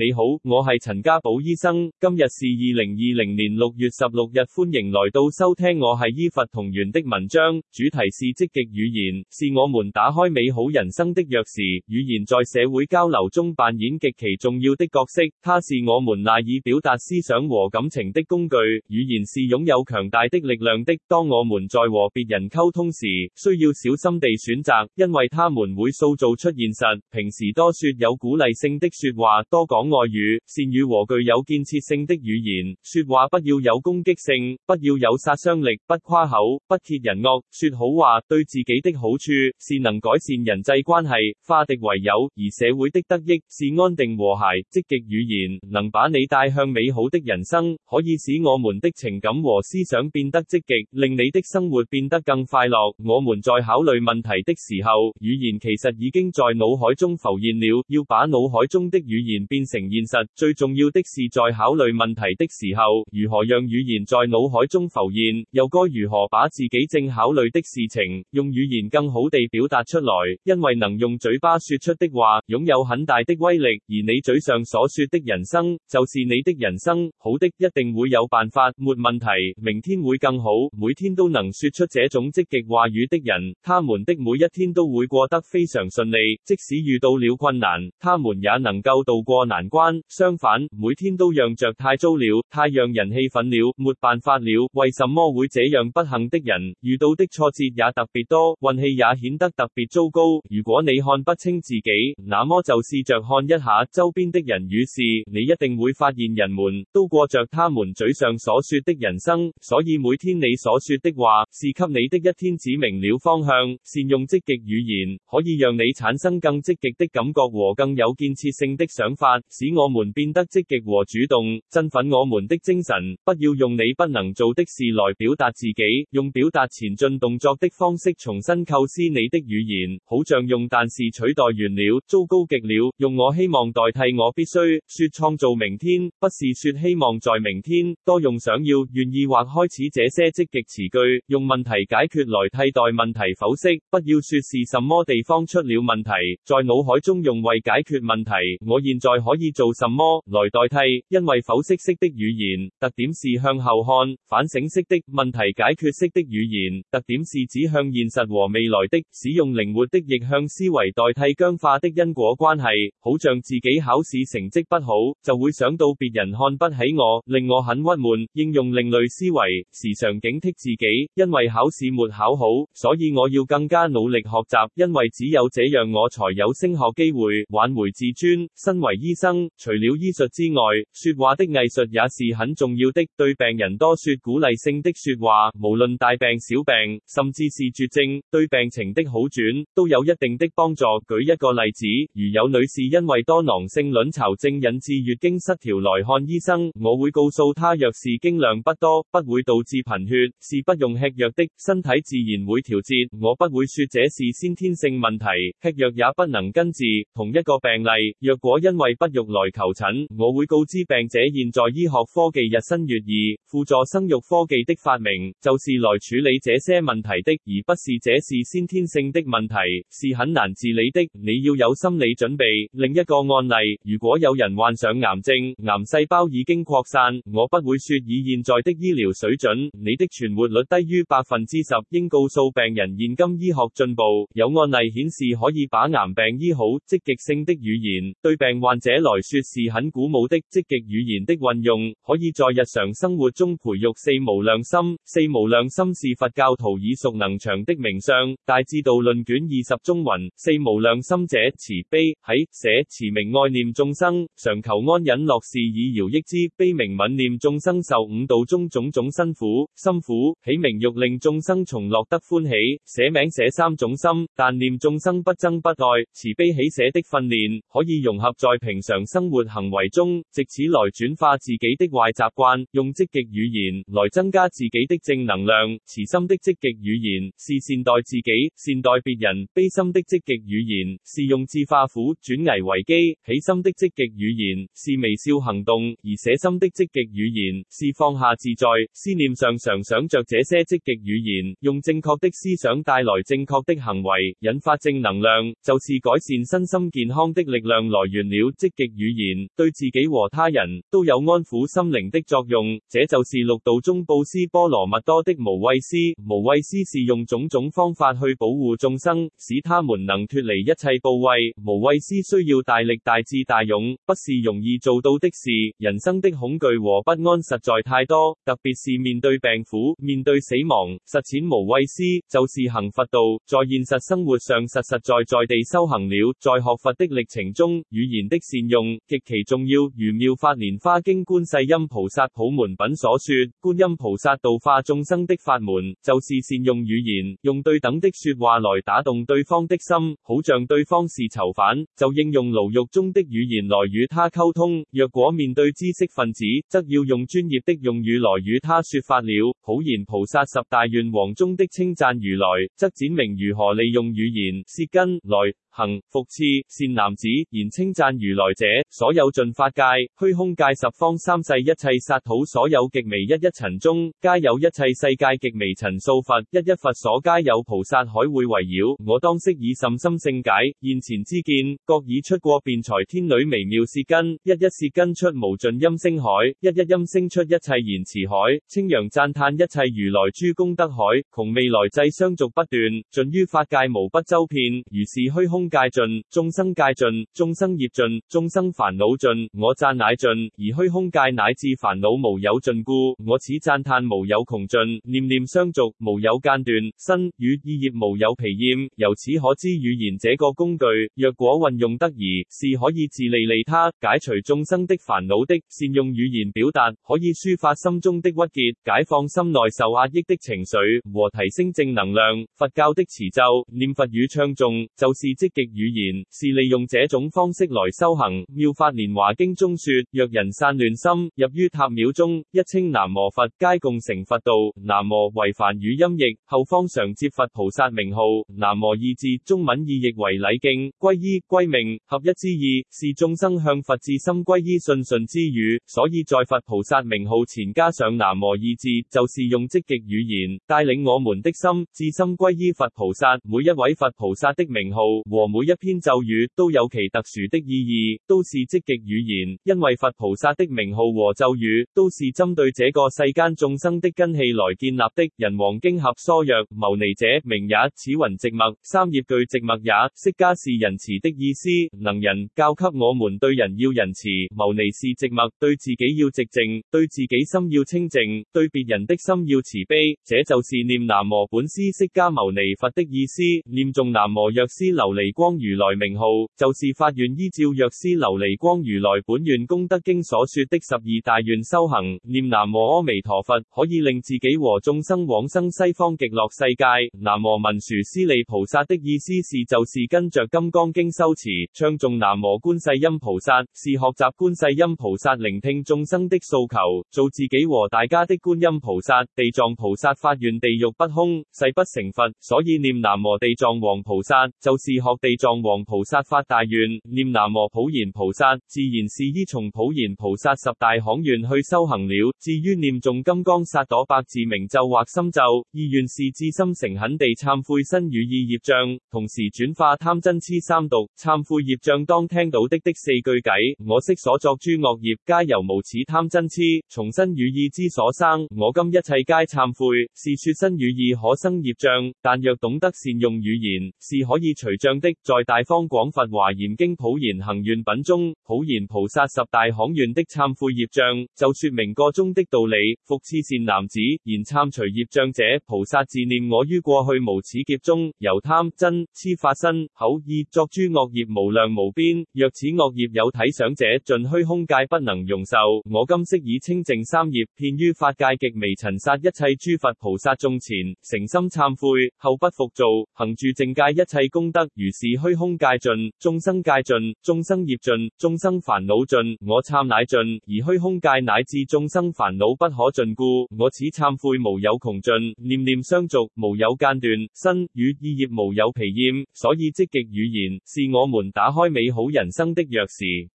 你好，我係陳家寶醫生。今日是二零二零年六月十六日，歡迎來到收聽我係醫佛同源的文章。主題是積極語言，是我們打開美好人生的鑰匙。語言在社會交流中扮演極其重要的角色，它是我們賴以表達思想和感情的工具。語言是擁有強大的力量的。當我們在和別人溝通時，需要小心地選擇，因為他們會塑造出現實。平時多說有鼓勵性的說話，多講。外語善語和具有建設性的語言說話，不要有攻擊性，不要有殺傷力，不誇口，不揭人惡，說好話對自己的好處是能改善人際關係，化敵為友，而社會的得益是安定和諧。積極語言能把你帶向美好的人生，可以使我們的情感和思想變得積極，令你的生活變得更快樂。我們在考慮問題的時候，語言其實已經在腦海中浮現了，要把腦海中的語言變成。現實。最重要的是在考慮問題的時候，如何讓語言在腦海中浮現，又該如何把自己正考慮的事情用語言更好地表達出來？因為能用嘴巴說出的話擁有很大的威力，而你嘴上所說的人生就是你的人生。好的，一定會有辦法，沒問題，明天會更好，每天都能說出這種積極話語的人，他們的每一天都會過得非常順利，即使遇到了困難，他們也能夠度過難。難關，相反，每天都讓着太糟了，太讓人氣憤了，沒辦法了。為什麼會這樣不幸的人遇到的挫折也特別多，運氣也顯得特別糟糕？如果你看不清自己，那麼就試着看一下周邊的人與事，你一定會發現人們都過着他們嘴上所說的人生。所以每天你所說的話是給你的一天指明了方向。善用積極語言，可以讓你產生更積極的感覺和更有建設性的想法。使我們變得積極和主動，振奮我們的精神。不要用你不能做的事來表達自己，用表達前進動作的方式重新構思你的語言，好像用但是取代完了，糟糕極了。用我希望代替我必須說，創造明天不是說希望在明天，多用想要、願意或開始這些積極詞句。用問題解決來替代問題否釋，不要說是什麼地方出了問題，在腦海中用為解決問題，我現在可以。以做什麼來代替？因為剖析式的語言特點是向後看、反省式的；問題解決式的語言特點是指向現實和未來的。使用靈活的逆向思維代替僵化的因果關係，好像自己考試成績不好就會想到別人看不起我，令我很鬱悶。應用另類思維，時常警惕自己，因為考試沒考好，所以我要更加努力學習，因為只有這樣我才有升學機會，挽回自尊。身為醫生。除了醫術之外，說話的藝術也是很重要的。對病人多說鼓勵性的說話，無論大病小病，甚至是絕症，對病情的好轉都有一定的幫助。舉一個例子，如有女士因為多囊性卵巢症引致月經失調來看醫生，我會告訴她，若是經量不多，不會導致貧血，是不用吃藥的，身體自然會調節。我不會說這是先天性問題，吃藥也不能根治。同一個病例，若果因為不用。來求診，我會告知病者，現在醫學科技日新月異，輔助生育科技的發明就是來處理這些問題的，而不是這是先天性的問題，是很難治理的。你要有心理準備。另一個案例，如果有人患上癌症，癌細胞已經擴散，我不會說以現在的醫療水準，你的存活率低於百分之十。應告訴病人，現今醫學進步，有案例顯示可以把癌病醫好。積極性的語言對病患者來來說是很鼓舞的，積極語言的運用，可以在日常生活中培育四無量心。四無量心是佛教徒耳熟能詳的名相，大智度論卷二十中云：四無量心者，慈悲喜捨慈名愛念眾生，常求安隱樂事以饒益之；悲名憫念眾生受五道中種種辛苦，辛苦起名欲令眾生從樂得歡喜。捨名捨三種心，但念眾生不憎不愛，慈悲喜捨的訓練可以融合在平常生活行為中，借此來轉化自己的壞習慣，用積極語言來增加自己的正能量。慈心的積極語言是善待自己、善待別人；悲心的積極語言是用智化苦，轉危為機；喜心的積極語言是微笑行動，而捨心的積極語言是放下自在。思念上常想着這些積極語言，用正確的思想帶來正確的行為，引發正能量，就是改善身心健康的力量來源了。積極。語言對自己和他人都有安撫心靈的作用，這就是六道中布施波羅蜜多的無畏施。無畏施是用種種方法去保護眾生，使他們能脱離一切怖畏。無畏施需要大力、大智、大勇，不是容易做到的事。人生的恐懼和不安實在太多，特別是面對病苦、面對死亡。實踐無畏施就是行佛道，在現實生活上實實在在地修行了。在學佛的歷程中，語言的善。用極其重要。如《妙法蓮花經》觀世音菩薩普門品所說，觀音菩薩度化眾生的法門，就是善用語言，用對等的說話來打動對方的心。好像對方是囚犯，就應用牢獄中的語言來與他溝通；若果面對知識分子，則要用專業的用語來與他說法了。普賢菩薩十大願王中的稱讚如來，則展明如何利用語言舌根來。行復次善男子，言稱讚如來者，所有盡法界、虛空界、十方三世一切剎土，所有極微一一塵中，皆有一切世界極微塵數佛，一一佛所皆有菩薩海會圍繞。我當悉以甚深勝解，現前之見，各以出過辯才天女微妙舌根，一一舌根出無盡音聲海，一一音聲出一切言辭海，清揚讚歎一切如來諸功德海，窮未來際相續不斷，盡於法界無不周遍。如是虛空。空界盡，眾生界盡，眾生業盡，眾生煩惱盡，我讚乃盡，而虛空界乃至煩惱無有盡故，我此讚歎無有窮盡，念念相續無有間斷，身與意業無有疲厭。由此可知語言這個工具，若果運用得宜，是可以自利利他，解除眾生的煩惱的。善用語言表達，可以抒發心中的鬱結，解放心內受壓抑的情緒和提升正能量。佛教的持咒念佛與唱誦，就是即。積極語言是利用這種方式來修行。妙法蓮華經中說，若人散亂心，入於塔廟中，一稱南無佛，皆共成佛道。南無為梵語音譯，後方常接佛菩薩名號，南無二字，中文意譯為禮敬、歸依、歸命合一之意，是眾生向佛至心歸依、信順之語。所以在佛菩薩名號前加上南無二字，就是用積極語言帶領我們的心，至心歸依佛菩薩。每一位佛菩薩的名號和和每一篇咒語都有其特殊的意義，都是積極語言。因為佛菩薩的名號和咒語都是針對這個世間眾生的根器來建立的。人王經合疏曰：牟尼者，名也；此雲寂默，三業俱寂默也。釋迦是仁慈的意思，能人教給我們對人要仁慈。牟尼是寂默，對自己要寂靜，對自己心要清淨，對別人的心要慈悲。這就是念南無本師釋迦牟尼佛的意思。念誦南無藥師琉璃。琉璃光如來名號,就是發願依照藥師琉璃光如來本願功德經所說的十二大願修行,念南無阿彌陀佛,可以令自己和眾生往生西方極樂世界。南無文殊師利菩薩的意思是就是跟着金剛經修持,唱誦南無觀世音菩薩,是學習觀世音菩薩聆聽眾生的訴求,做自己和大家的觀音菩薩,地藏菩薩發願地獄不空,誓不成佛,所以念南無地藏王菩薩,就是學地藏王菩薩發大願，念南無普賢菩薩，自然是依從普賢菩薩十大行願去修行了。至於念誦金剛薩埵百字明咒或心咒，意願是至心誠懇地懺悔身語意業障，同時轉化貪嗔痴三毒。懺悔業障當聽到的的四句偈：我昔所作諸惡業，皆由無始貪嗔痴；從身語意之所生，我今一切皆懺悔。是說身語意可生業障，但若懂得善用語言，是可以除障的。在大方廣佛華嚴經普賢行願品中，普賢菩薩十大行願的懺悔業障，就說明個中的道理。復次善男子，言：「懺除業障者，菩薩自念：我於過去無始劫中，由貪嗔、癡發身、口意作諸惡業，無量無邊。若此惡業有體想者，盡虛空界不能容受。我今悉以清淨三業，遍於法界極微塵剎一切諸佛菩薩眾前，誠心懺悔，後不復造，行住淨戒一切功德如。自虛空界盡，眾生界盡，眾生業盡，眾生煩惱盡，我懺乃盡。而虛空界乃至眾生煩惱不可盡故，我此懺悔無有窮盡，念念相續，無有間斷，身與意業無有疲厭。所以積極語言，是我們打開美好人生的鑰匙。